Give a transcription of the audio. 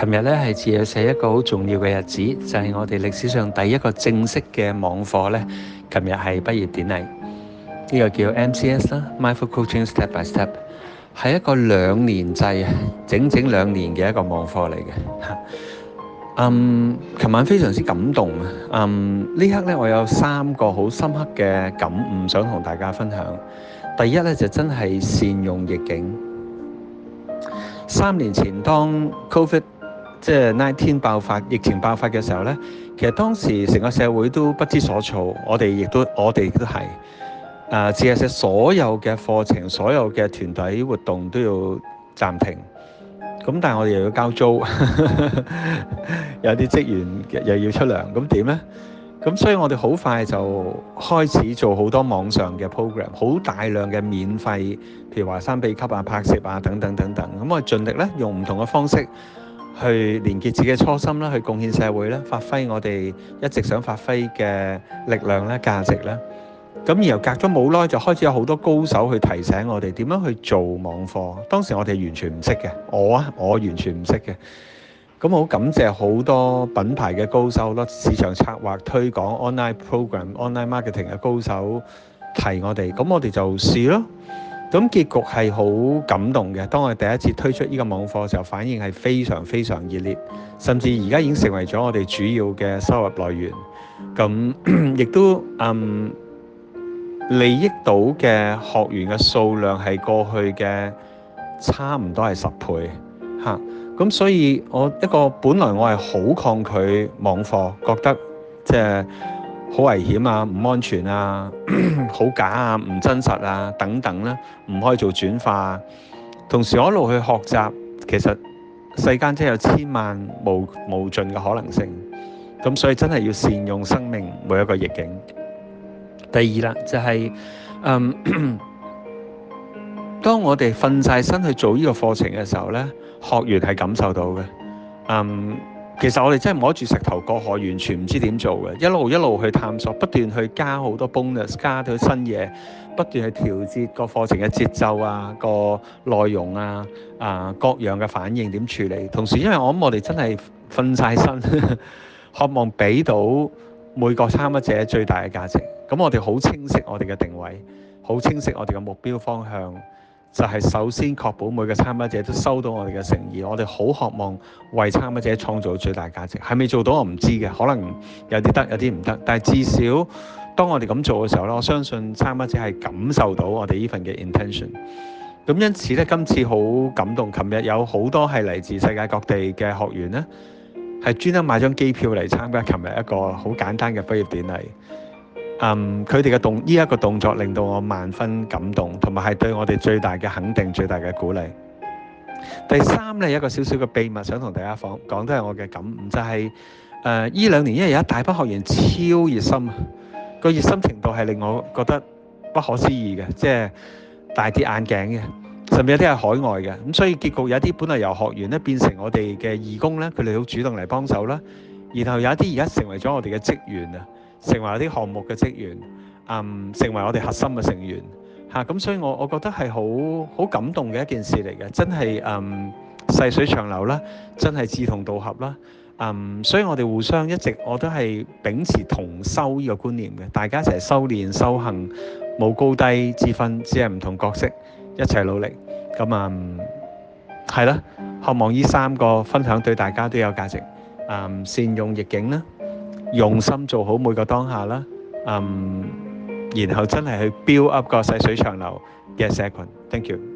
琴日咧係自在社一個好重要嘅日子，就係我哋歷史上第一個正式嘅網課咧。琴日係畢業典禮，呢個叫 MCS 啦，Mindful Coaching Step by Step，係一個兩年制啊，整整兩年嘅一個網課嚟嘅。嚇，嗯，琴晚非常之感動啊，嗯，呢刻咧我有三個好深刻嘅感悟想同大家分享。第一咧就真係善用逆境。三年前當 COVID 即係19年爆發疫情爆發嘅時候咧，其實當時成個社會都不知所措，我哋亦都我哋都係啊。即係所有嘅課程、所有嘅團體活動都要暫停。咁但係我哋又要交租，有啲職員又要出糧，咁點咧？咁所以我哋好快就開始做好多網上嘅 program，好大量嘅免費，譬如話華山秘笈啊、拍攝啊等等等等。咁我盡力咧，用唔同嘅方式。去連結自己嘅初心啦，去貢獻社會啦，發揮我哋一直想發揮嘅力量啦、價值啦。咁然後隔咗冇耐，就開始有好多高手去提醒我哋點樣去做網課。當時我哋完全唔識嘅，我啊，我完全唔識嘅。咁我好感謝好多品牌嘅高手咯，市場策劃、推廣、online program、online marketing 嘅高手提我哋。咁我哋就試咯。咁結局係好感動嘅。當我哋第一次推出呢個網課嘅時候，反應係非常非常熱烈，甚至而家已經成為咗我哋主要嘅收入來源。咁亦都嗯，利益到嘅學員嘅數量係過去嘅差唔多係十倍嚇。咁所以，我一個本來我係好抗拒網課，覺得即係。好危險啊！唔安全啊！好假啊！唔真實啊！等等啦，唔可以做轉化。同時我一路去學習，其實世間真係有千萬無無盡嘅可能性。咁所以真係要善用生命每一個逆境。第二啦，就係嗯，當我哋瞓晒身去做呢個課程嘅時候呢，學員係感受到嘅。嗯。其實我哋真係摸住石頭過河，完全唔知點做嘅。一路一路去探索，不斷去加好多 bonus，加啲新嘢，不斷去調節個課程嘅節奏啊，個內容啊，啊各樣嘅反應點處理。同時，因為我諗我哋真係瞓晒身，呵呵，渴望俾到每個參加者最大嘅價值。咁我哋好清晰我哋嘅定位，好清晰我哋嘅目標方向。就係首先確保每個參加者都收到我哋嘅誠意，我哋好渴望為參加者創造最大價值。係未做到我唔知嘅，可能有啲得，有啲唔得。但係至少當我哋咁做嘅時候咧，我相信參加者係感受到我哋呢份嘅 intention。咁因此咧，今次好感動，琴日有好多係嚟自世界各地嘅學員呢，係專登買張機票嚟參加琴日一個好簡單嘅畢業典禮。嗯，佢哋嘅動依一個動作令到我萬分感動，同埋係對我哋最大嘅肯定、最大嘅鼓勵。第三咧，有一個少少嘅秘密想同大家講，講都係我嘅感悟，就係誒依兩年，因為有一大班學員超熱心啊，個熱心程度係令我覺得不可思議嘅，即係戴啲眼鏡嘅，甚至有啲係海外嘅，咁所以結局有啲本嚟由學員咧變成我哋嘅義工咧，佢哋好主動嚟幫手啦，然後有一啲而家成為咗我哋嘅職員啊。成為一啲項目嘅職員，嗯，成為我哋核心嘅成員，嚇，咁所以我，我覺得係好好感動嘅一件事嚟嘅。真係嗯，細水長流啦，真係志同道合啦，嗯，所以我哋互相一直我都係秉持同修呢個觀念嘅，大家一齊修練修行，冇高低之分，只係唔同角色一齊努力，咁啊，係啦，希望呢三個分享對大家都有價值，嗯，善用逆境啦。用心做好每個當下啦，嗯。然後真係去 build up 個細水長流嘅社群。Thank you.